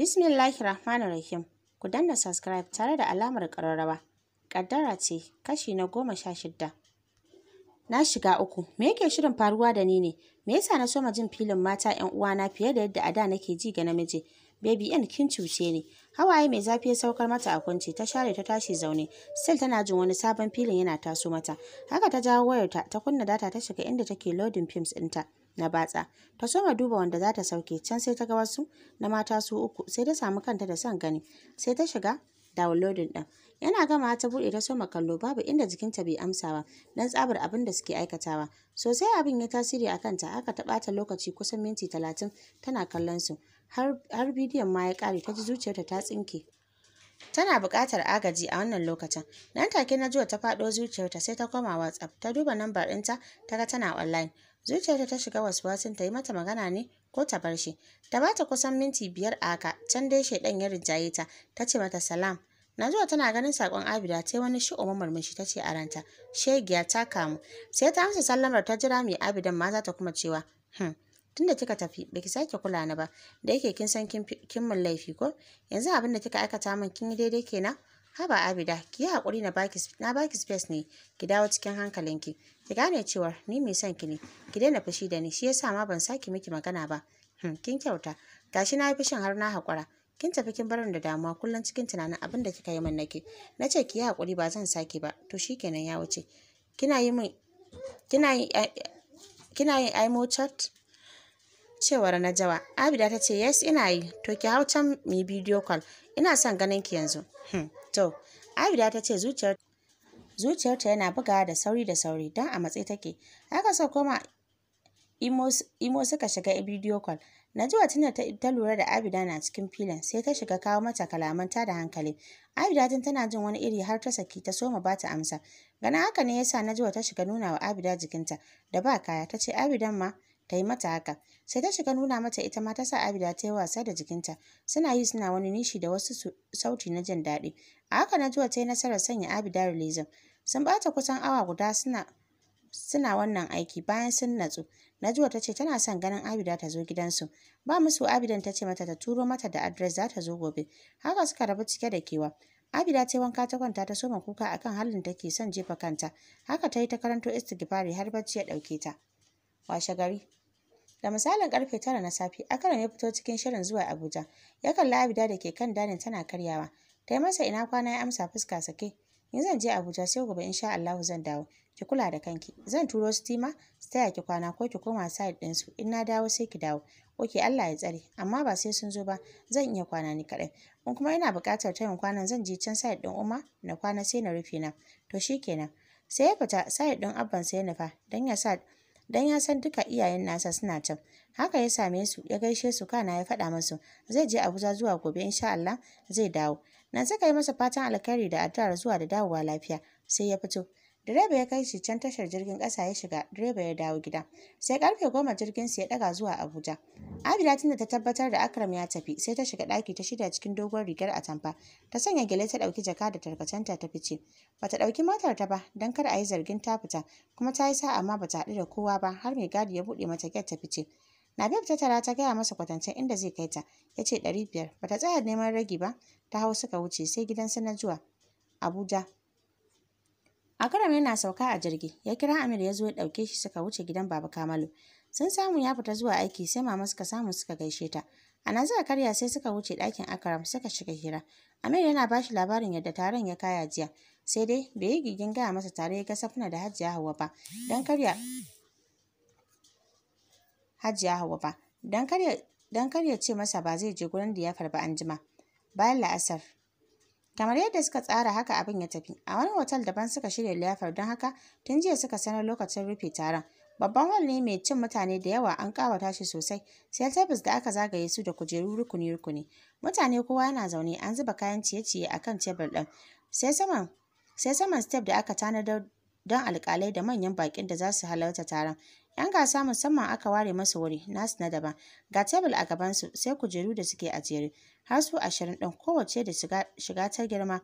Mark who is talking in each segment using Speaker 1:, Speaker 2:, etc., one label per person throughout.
Speaker 1: Bismillahir Rahmanir Rahim. Ku danna subscribe tare da alamar ƙararrawa. Ƙaddara ce kashi na goma sha shidda. Na shiga uku, me yake shirin faruwa da ni ne? Me yasa na soma jin filin mata 'yan na fiye da yadda a da nake ji ga namiji? Baby yan kin cuce ne. Hawaye mai zafi ya saukar mata a kwance, ta share ta tashi zaune. Sel tana jin wani sabon filin yana taso mata. Haka ta jawo wayarta, ta kunna data ta shiga inda take loading films ɗinta. na batsa ta so ma duba wanda za ta sauke can sai ta ga wasu na mata su uku sai ta samu kanta da son gani sai ta shiga downloading din yana gama ta buɗe ta so ma kallo babu inda jikinta bai amsawa ba dan tsabar abin da suke aikatawa sosai abin ya tasiri a kanta haka ta bata lokaci kusan minti talatin tana kallon su har bidiyon ma ya kare ta ji zuciyarta ta tsinke tana buƙatar agaji a wannan lokacin nan take na juwa ta faɗo zuciyarta sai ta koma whatsapp ta duba nambar ɗinta ta ga tana online zuciyarta ta shiga waswasin ta yi mata magana ne ko ta bar shi ta bata kusan minti biyar a haka can dai shaidan ya rinjaye ta ta ce mata salam na zuwa tana ganin sakon abida ta wani shi'omin murmushi ta ce a ranta shegiya ta kamu sai ta amsa sallamar ta jira mai abidan ma za ta kuma cewa hmm. da kika tafi baki sake kula ni ba da yake kin san kin min laifi ko yanzu abin da kika aikata min kin yi daidai kenan haba abida ki yi hakuri na baki space ne ki dawo cikin hankalinki ki gane cewa ni mai son ki ne ki daina fushi da ni shi yasa ma ban saki miki magana ba hmm, kin kyauta gashi na yi fushin har na haƙura kin tafi kin barin da damuwa kullum cikin tunanin abin da kika yi min nake na ce ki yi haƙuri ba zan sake ba to shikenan ya wuce kina yi min kina yi kina yin imo chat cewar jawa, Abida ta ce yes ina yi to ki hau can mu yi bidiyo call ina son ganin ki yanzu hmm, to Abida ta ce zuciyar zuciyarta yana bugawa da sauri da sauri don a matse take haka sau koma imo suka shiga bidiyo call Najwa da ta lura da Abida na cikin filin sai ta shiga kawo mata kalaman ta da hankali. Abida tun tana jin wani iri har ta saki ta soma ba ta amsa. Gana haka ne yasa Najwa ta shiga nuna wa Abida jikinta da ba kaya ta ce Abidan ma ta yi mata haka. Sai ta shiga nuna mata ita ma ta sa Abida ta yi wasa da jikinta. Suna yi suna wani nishi da wasu sauti na jin daɗi. A haka wa ta yi nasarar sanya Abida rilizin. Sun bata kusan awa guda suna wannan aiki bayan sun natsu. najuwa ta ce tana son ganin Abida ta zo gidansu. Ba musu Abidan ta ce mata ta turo mata da adres za ta zo gobe. Haka suka rabu cike da kewa. Abida ta wanka ta kwanta ta soma kuka akan halin da ke son jefa kanta. Haka ta yi ta karanto istighfari har bacci ya ɗauke ta. Washe gari. Da misalin karfe tara na safe, Akaram ya fito cikin shirin zuwa Abuja. Ya kalla Abida da ke kan danin tana karyawa. Ta yi masa ina kwana ya amsa fuska sake. in zan je Abuja sai gobe insha Allahu zan dawo ki kula da kanki zan turo stima su taya ki kwana ko ki koma side din su in na dawo sai ki dawo oke Allah ya tsare amma ba sai sun zo ba zan iya kwana ni kadai in kuma ina buƙatar tayin kwanan zan je can side din uma na kwana sai na rufe na to shi kenan sai ya fita side din abban sai ya nufa dan ya sa dan ya san duka iyayen nasa suna can haka ya same su ya gaishe su kana ya faɗa musu zai je Abuja zuwa gobe insha Allah zai dawo nan saka yi masa fatan alkhairi da addu'ar zuwa da dawowa lafiya sai ya fito. Direba ya kai shi can tashar jirgin ƙasa ya shiga, direba ya dawo gida. Sai karfe goma jirgin su ya daga zuwa Abuja. Abida tunda ta tabbatar da Akram ya tafi, sai ta shiga ɗaki ta shida cikin dogon rigar atamfa. Ta sanya gele ta ɗauki jaka da tarkacenta ta fice. Bata ɗauki motar ta ba, don kar a yi zargin ta fita, kuma ta yi sa'a ma bata haɗu da kowa ba, har mai gadi ya buɗe mata gyat ta fice. Nabib ta tara ta gaya masa kwatance inda zai kai ta, ya ce ɗari biyar. Ba ta tsaya neman ragi ba, ta hau suka wuce sai gidan su na zuwa Abuja. Akaram yana sauka a jirgi, ya kira Amir ya zo ya ɗauke shi suka wuce gidan Baba Kamalu. Sun samu ya fita zuwa aiki sai mama suka samu suka gaishe ta. A nan zaka karya sai suka wuce ɗakin Akaram suka shiga hira. Amir yana ba shi labarin yadda taron ya kaya jiya. Sai dai bai yi gigin gaya masa tare ya ga safina da Hajiya Hauwa ba, don karya Hajiya Hauwa ba, don kar ya ce masa ba zai je gurin liyafar ba anjima. Bayan la'asar, Kamar yadda suka tsara haka abin ya tafi. A wani otal daban suka shirya liyafar don haka tun jiya suka sanar lokacin rufe taron. Babban hall ne mai cin mutane da yawa an kawata shi sosai. Sai tabbas da aka zagaye su da kujeru rukuni rukuni. Mutane kowa yana zaune an zuba kayan ciye-ciye a kan tebur ɗin. Sai saman sai saman step da aka tanadar don alƙalai da manyan baƙin da za su halarta taron. 'Yan gasa musamman aka ware masa wuri nasu na daban. Ga tebul a gabansu sai kujeru da suke a Har su ashirin ɗin kowace da shiga ta girma.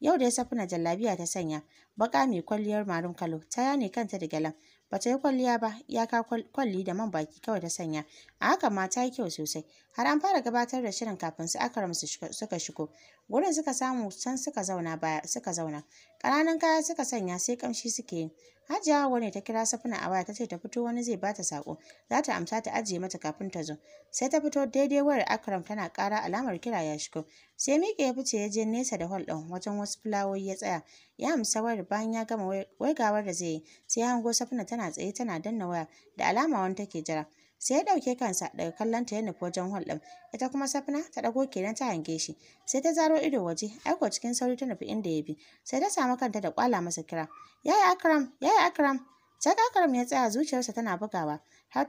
Speaker 1: Yau da ya safina jallabiya ta sanya. Baka mai kwalliyar marin kalo ta yane kanta da gyalan. ta yi kwalliya ba, iyaka kwalli da man baki kawai ta sanya. A haka ma ta yi kyau sosai. Har an fara gabatar da shirin kafin su aka su suka shigo. Gurin suka samu can suka zauna baya suka zauna. Ƙananan kaya suka sanya sai kamshi suke yi. Hajiya Hauwa ne ta kira Safina a waya ta ce ta fito wani zai bata sako. Za ta amsa ta ajiye mata kafin ta zo. Sai ta fito daidai wayar Akram tana kara alamar kira ya shigo. Sai miƙe ya fice ya je nesa da hol ɗin wajen wasu fulawoyi ya tsaya. Ya amsa wayar bayan ya gama waigawar da zai yi. Sai ya hango Safina tana tsaye tana danna waya da alama wani take jira. sai ya ɗauke kansa daga kallon ta ya nufi wajen hol ɗin ita kuma safina ta ɗago kenan ta hange shi sai ta zaro ido waje aiko cikin sauri ta nufi inda ya bi sai ta samu kanta da kwala masa kira yaya akram yaya akram sai akram ya tsaya zuciyarsa tana bugawa har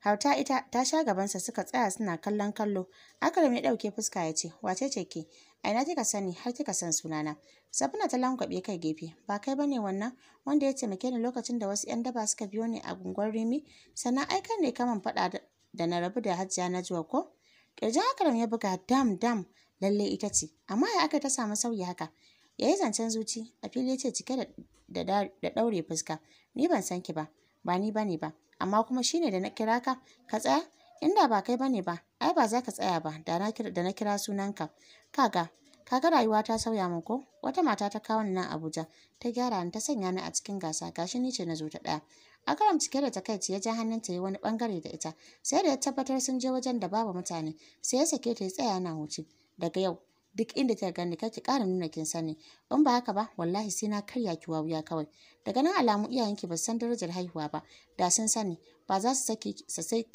Speaker 1: Hauta ita ta sha gabansa suka tsaya suna kallon kallo. Akalam ya ɗauke fuska ya ce, Wace ce ke? A ina kika sani har kika san sunana. Sabina ta lankwaɓe kai gefe. Ba kai ba ne wannan wanda ya taimake ni lokacin da wasu 'yan daba suka biyo ni a gungon Rimi? Sannan ai kan ne kaman faɗa da na rabu da na zuwa ko? Ƙirjin Akalam ya buga dam dam lalle ita ce. Amma ya aka ta samu sauyi haka? Ya yi zancen zuci a fili ce cike da ɗaure fuska. Ni ban san ki ba, ba ni bane ba. amma kuma shine da na kira ka ka tsaya inda ba kai bane ba ai ba za ka tsaya ba da na kira sunanka kaga kaga rayuwa ta sauya min ko wata mata ta kawo ni nan Abuja ta gyara ni ta sanya ni a cikin gasa gashi ni ce na zo ta daya akaram cike da takaici ya ja ta ya wani bangare da ita sai da ya tabbatar sun je wajen da babu mutane sai ya sake ta ya tsaya na huce daga yau duk inda kika gani ka ki ƙara nuna kin sani in ba haka ba wallahi sai na karya ki wawuya kawai daga nan alamu iyayenki ba san darajar haihuwa ba da sun sani ba za su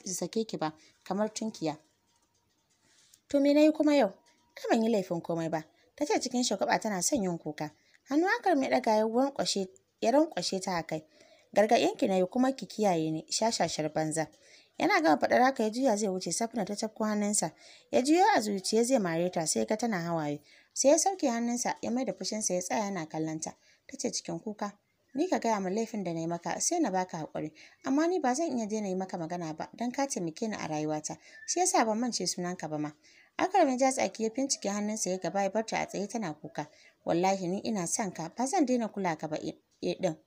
Speaker 1: sake ki ba kamar tunkiya to me nayi kuma yau ka ban yi laifin komai ba ta ce cikin shagwaba tana son yin kuka hannu akar mai ɗaga ya rankwashe ta a kai gargaɗin ki nayi kuma ki kiyaye ni shashashar banza Yana gama faɗar haka ya juya zai wuce safina ta cafko hannunsa. Ya juya a zuciya zai mare ta sai ka tana hawaye. Sai ya sauke hannunsa ya mai da fushinsa ya tsaya yana kallonta. Ta ce cikin kuka. Ni ka gaya min laifin da na yi maka sai na baka haƙuri. Amma ni ba zan iya daina yi maka magana ba don ka taimake ni a rayuwata. Shi yasa ban mance sunanka ba ma. Akarami ja tsaki ya fincike hannunsa ya gaba ya barta a tsaye tana kuka. Wallahi ni ina son ka ba zan daina kula ka ba ɗin.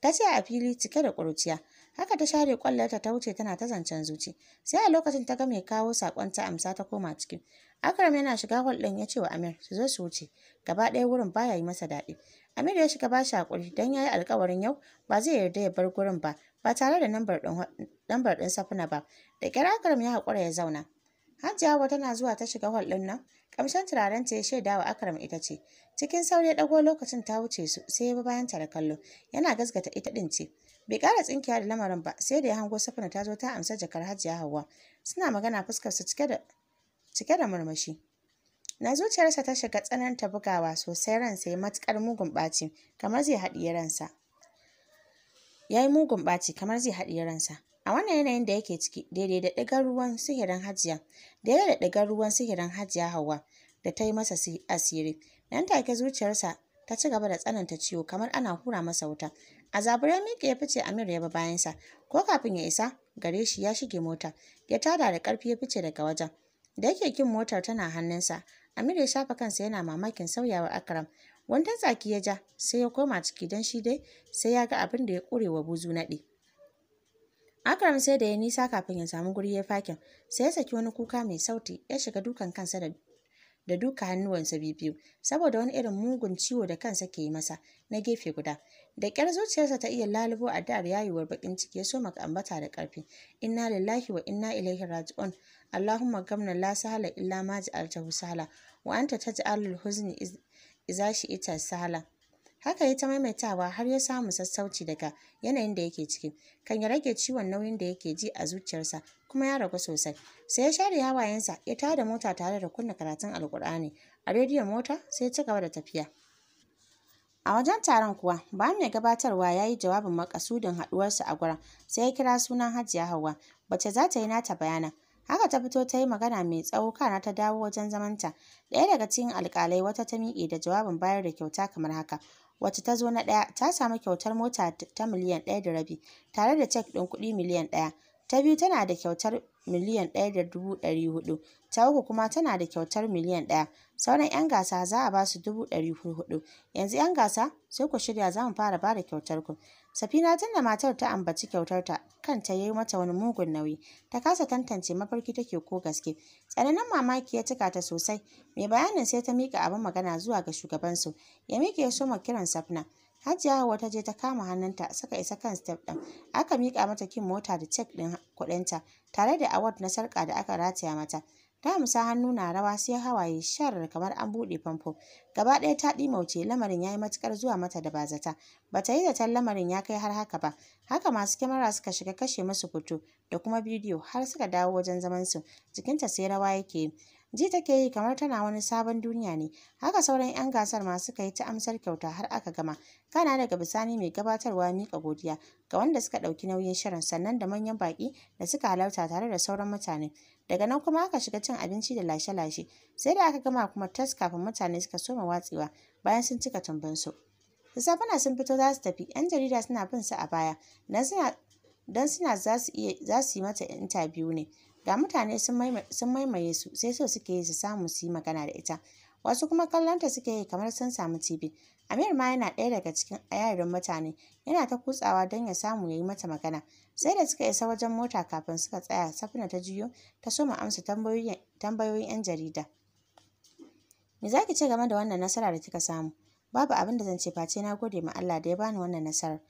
Speaker 1: Ta ce a fili cike da ƙuruciya. Haka ta share kwallonta ta wuce tana ta zancen zuci. Sai a lokacin ta ga mai kawo sakon ta amsa ta koma cikin. Akram yana shiga hol ɗin ya ce wa Amir su zo su wuce. Gaba ɗaya wurin baya yi masa daɗi. Amir ya shiga ba shi dan don ya yi alƙawarin yau ba zai yarda ya bar gurin ba ba tare da lambar ɗin safuna ba. Da ƙyar Akram ya hakura ya zauna. Hajjawa tana zuwa ta shiga hol ɗin nan. Kamshin ta ya shaida wa Akram ita ce. Cikin sauri ya ɗago lokacin ta wuce su sai ya bi bayan ta da kallo. Yana gasgata ita ɗin ce. bai kara tsinkiya da lamarin ba sai da ya hango safina ta zo ta amsa jakar hajiya hawa suna magana fuskarsa cike da cike da murmushi na zuciyarsa ta shiga tsananta bugawa sosai ransa ya matuƙar mugun ɓaci kamar zai haɗiye ransa ya yi mugun ɓaci kamar zai haɗiye ransa a wannan yanayin da yake ciki daidai da ɗigar ruwan sihirin hajiya daidai da ɗigar ruwan sihirin hajiya hawa da ta yi masa asiri nan take zuciyarsa ta ci gaba da tsananta ciwo kamar ana hura masa wuta A ya miƙe ya fice Amir ya bi bayansa, ko kafin ya isa gare shi ya shige mota, ya tada da ƙarfi ya fice daga wajen. Da yake kin motar tana hannunsa, Amir ya shafa kansa yana mamakin sauyawar Akram. Wanda tsaki ya ja sai ya koma ciki don shi dai sai ya ga abin da ya ƙure wa buzu naɗi. Akram sai da ya nisa kafin ya samu guri ya fakin, sai ya saki wani kuka mai sauti ya shiga dukan kansa da da duka hannuwansa biyu saboda wani irin mugun ciwo da kansa ke yi masa na gefe guda da ƙyar zuciyarsa ta iya lalubo a da'ar yayuwar bakin ciki ya soma ambata da karfi inna lillahi wa inna ilaihi raji'un allahumma gamna la sahala illa ma ja'alta sahala wa anta taj'alul huzni idza ita sahala haka ya ta maimaitawa har ya samu sassauci daga yanayin da yake ciki kan ya rage ciwon nauyin da yake ji a zuciyarsa kuma ya ragu sosai sai ya share hawayensa ya da mota tare da kunna karatun alkur'ani a rediyon mota sai ya ci gaba da tafiya a wajen taron kuwa bayan mai gabatarwa ya yi jawabin makasudin haduwarsa a gura sai ya kira sunan hajiya hawa bace za ta yi nata bayana haka ta fito ta yi magana mai tsawo kana ta dawo wajen zamanta ɗaya daga cikin alkalai wata ta miƙe da jawabin bayar da kyauta kamar haka wacce ta zo na ɗaya ta samu kyautar mota ta miliyan ɗaya da rabi tare da cek ɗin kuɗi miliyan ɗaya ta biyu tana da kyautar miliyan ɗaya da dubu ɗari huɗu, ta uku kuma tana da kyautar miliyan ɗaya. Sauran 'yan gasa za a ba su dubu ɗari huɗu. Yanzu 'yan gasa sai ku shirya za mu fara ba da kyautar ku. Safina tun da matar ta ambaci kyautar ta kan ta yi mata wani mugun nauyi, ta kasa tantance mafarki take ko gaske. Tsananin mamaki ya cika ta sosai, mai bayanin sai ta miƙa abin magana zuwa ga shugabansu, ya miƙe ya soma kiran Safina. Hajiya Hauwa ta je ta kama hannunta suka isa kan step ɗin. Aka miƙa mata kin mota da cek ɗin kuɗinta tare da award na sarƙa da aka rataya mata. Ta musa hannu na rawa sai hawaye shar kamar an buɗe famfo. Gaba ɗaya ta ɗi mauce lamarin ya yi matuƙar zuwa mata da bazata. Ba ta yi zaton lamarin ya kai har haka ba. Haka masu kyamara suka shiga kashe musu fito da kuma bidiyo har suka dawo wajen zamansu. Jikinta sai rawa yake yi. ji take yi kamar tana wani sabon duniya ne haka sauran 'yan gasar masu suka ta amsar kyauta har aka gama kana daga bisani mai gabatarwa mika godiya ga wanda suka ɗauki nauyin shirin sannan da manyan baƙi da suka halarta tare da sauran mutane daga nan kuma aka shiga cin abinci da lashe-lashe sai da aka gama kuma tas kafin mutane suka soma watsewa bayan sun cika tumbansu safana sun fito za su tafi yan jarida suna bin su a baya don suna za su yi mata intabiyu ne da mutane sun maimaye su sai so suke yi su samu su yi magana da ita wasu kuma kallonta suke yi kamar sun samu tv amir ma yana ɗaya daga cikin ayarin mutane yana ta kutsawa don ya samu ya yi mata magana sai da suka isa wajen mota kafin suka tsaya safina ta juyo ta soma amsa tambayoyin yan jarida me za ki ce game da wannan nasara da kika samu babu abin da zan ce face na gode ma Allah da ya bani wannan nasarar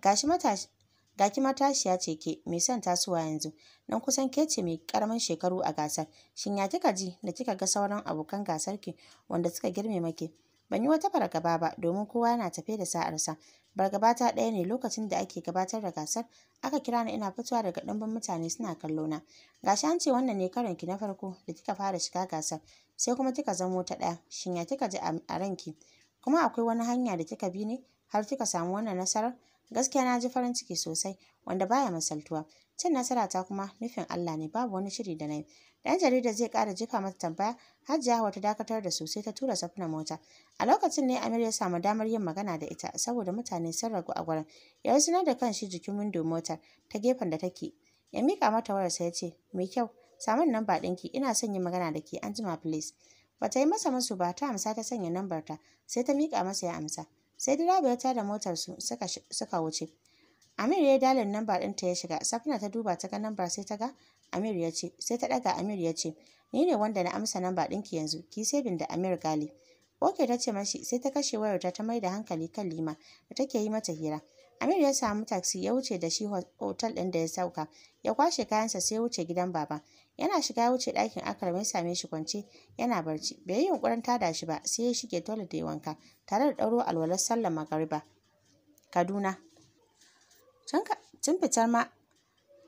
Speaker 1: gashi matashi ga matashiya ce ke mai son tasowa yanzu nan kusan ke ce mai karamin shekaru a gasar shin ya kika ji da kika ga sauran abokan gasar ki wanda suka girme maki ban yi wata fargaba ba domin kowa yana tafe da sa'arsa bargaba ta ɗaya ne lokacin da ake gabatar da gasar aka kira ni ina fitowa daga ɗumbin mutane suna kallo na gashi an ce wannan ne karin ki na farko da kika fara shiga gasar sai kuma kika zamo ta ɗaya shin ya kika ji a ranki kuma akwai wani hanya da kika bi ne har kika samu wannan nasarar gaskiya na ji farin ciki sosai wanda baya masaltuwa. cin nasara ta kuma nufin Allah ne babu wani shiri da na yi dan jarida zai ƙara jefa mata tambaya Hajiya Hauwa ta dakatar da sosai ta tura safina mota a lokacin ne Amir ya samu damar yin magana da ita saboda mutane sun ragu a gurin ya sanar da kanshi jikin windo motar ta gefen da take ya mika mata wayarsa ya ce mai kyau samun namba ɗinki ina son yin magana da ke an anjima please bata yi masa masu ba ta amsa ta sanya lambarta, sai ta mika masa ya amsa sai direba ya tada motar su suka wuce Amir ya dalin namba ɗinta ya shiga Safina ta duba ta ga namba sai ta ga Amir ya ce sai ta ɗaga Amir ya ce ni ne wanda na amsa namba ɗinki yanzu ki sabin da Amir Gali Oke ta ce mashi sai ta kashe wayarta ta mai da hankali kan Lima da take yi mata hira Amir ya samu taksi ya wuce da shi hotel ɗin da ya sauka ya kwashe kayansa sai ya wuce gidan baba yana shiga wuce ɗakin akarma ya same shi kwance yana barci bai yi yunkurin tada shi ba sai ya shige toilet da wanka tare da ɗauro alwalar sallar magariba kaduna tun fitar ma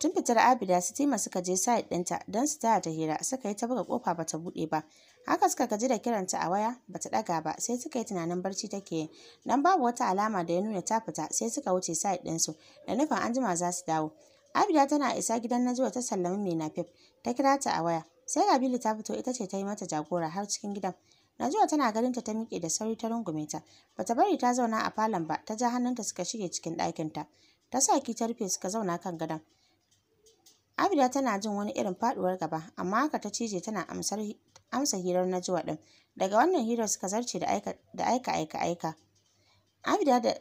Speaker 1: tun fitar abida sitima suka je side ɗinta don su taya ta hira suka yi ta buga kofa ba ta buɗe ba haka suka gaji da kiranta a waya ba ta ɗaga ba sai suka yi tunanin barci take yi dan babu wata alama da ya nuna ta fita sai suka wuce side ɗinsu da nufin anjima za su dawo abida tana isa gidan zuwa ta sallami mai nafif ta kira ta a waya sai ga ta fito ita ce ta yi mata jagora har cikin gidan Najuwa tana ganin ta ta miƙe da sauri ta rungume ta bata bari ta zauna a falon ba ta ja hannunta suka shige cikin ɗakin ta ta sa ki ta rufe suka zauna kan gadon Abida tana jin wani irin faduwar gaba amma haka ta cije tana amsar amsa hirar Najuwa din daga wannan hirar suka zarce da aika da aika aika aika Abida da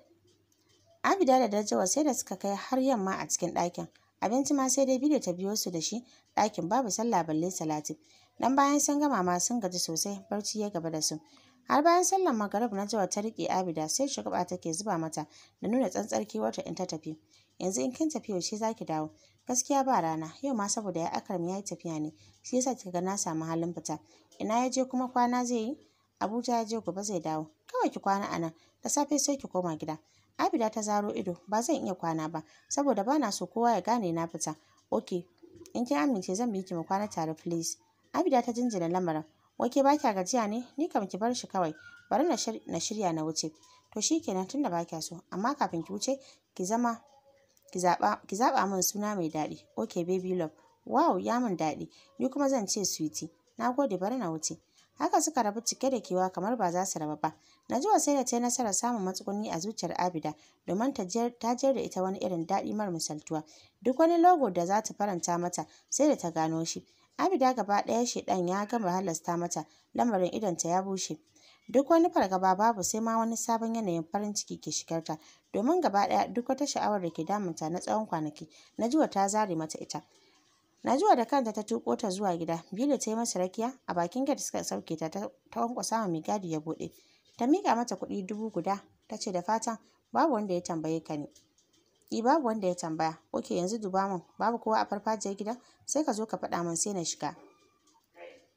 Speaker 1: Abida da najuwa sai da suka kai har yamma a cikin ɗakin abinci ma sai dai bidiyo ta biyo su da shi ɗakin babu sallah balle salati dan bayan sun gama ma sun gaji sosai barci ya gaba da su har bayan sallan magarib na jawa ta riƙe abida sai shugaba take zuba mata da nuna tsantsar kewarta in ta tafi yanzu in kin tafi yaushe zaki dawo gaskiya ba rana yau ma saboda ya akar ya yi tafiya ne shi yasa kika ga na samu halin fita ina ya je kuma kwana zai yi abuja ya je gobe zai dawo kawai ki kwana a nan da safe sai ki koma gida Abida ta zaro ido, ba zan iya kwana ba, saboda ba na so kowa ya gane na fita. Ok, in kin amince zan bi ki mu kwana tare please. Abida ta jinjina lamarin. Wake ba kya gajiya ne? Ni kam ki bar shi kawai. Bari na shirya na wuce. To shi kenan tunda ba kya so, amma kafin ki wuce ki zama ki zaɓa ki min suna mai daɗi. Ok baby love. Wow, ya min daɗi. Ni kuma zan ce sweetie. Na gode bari na wuce. haka suka rabu cike da kewa kamar ba za su raba ba najuwa sai da ta yi nasarar samun matsuguni a zuciyar abida domin ta jiyar da ita wani irin daɗi mar misaltuwa duk wani logo da za ta faranta mata sai da ta gano shi abida gaba ɗaya ɗan ya gama halasta mata lamarin idonta ya bushe duk wani fargaba babu sai ma wani sabon yanayin farin ciki ke shigarta domin gaba ɗaya duk wata sha'awar da ke damunta na tsawon kwanaki najuwa ta zare mata ita Najuwa da kanta ta tuko ta zuwa gida. Bilu ta yi masa rakiya a bakin gate suka sauke ta ta kwankwasa ma mai gadi ya bude. Ta mika mata kuɗi dubu guda ta ce da fatan babu wanda ya tambaye ka ne. E, babu wanda ya tambaya. Oke yanzu duba min babu kowa a farfajiyar gidan sai ka zo ka faɗa min sai na shiga.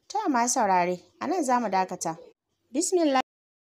Speaker 1: Ta ma saurare a nan za mu dakata. Bismillah.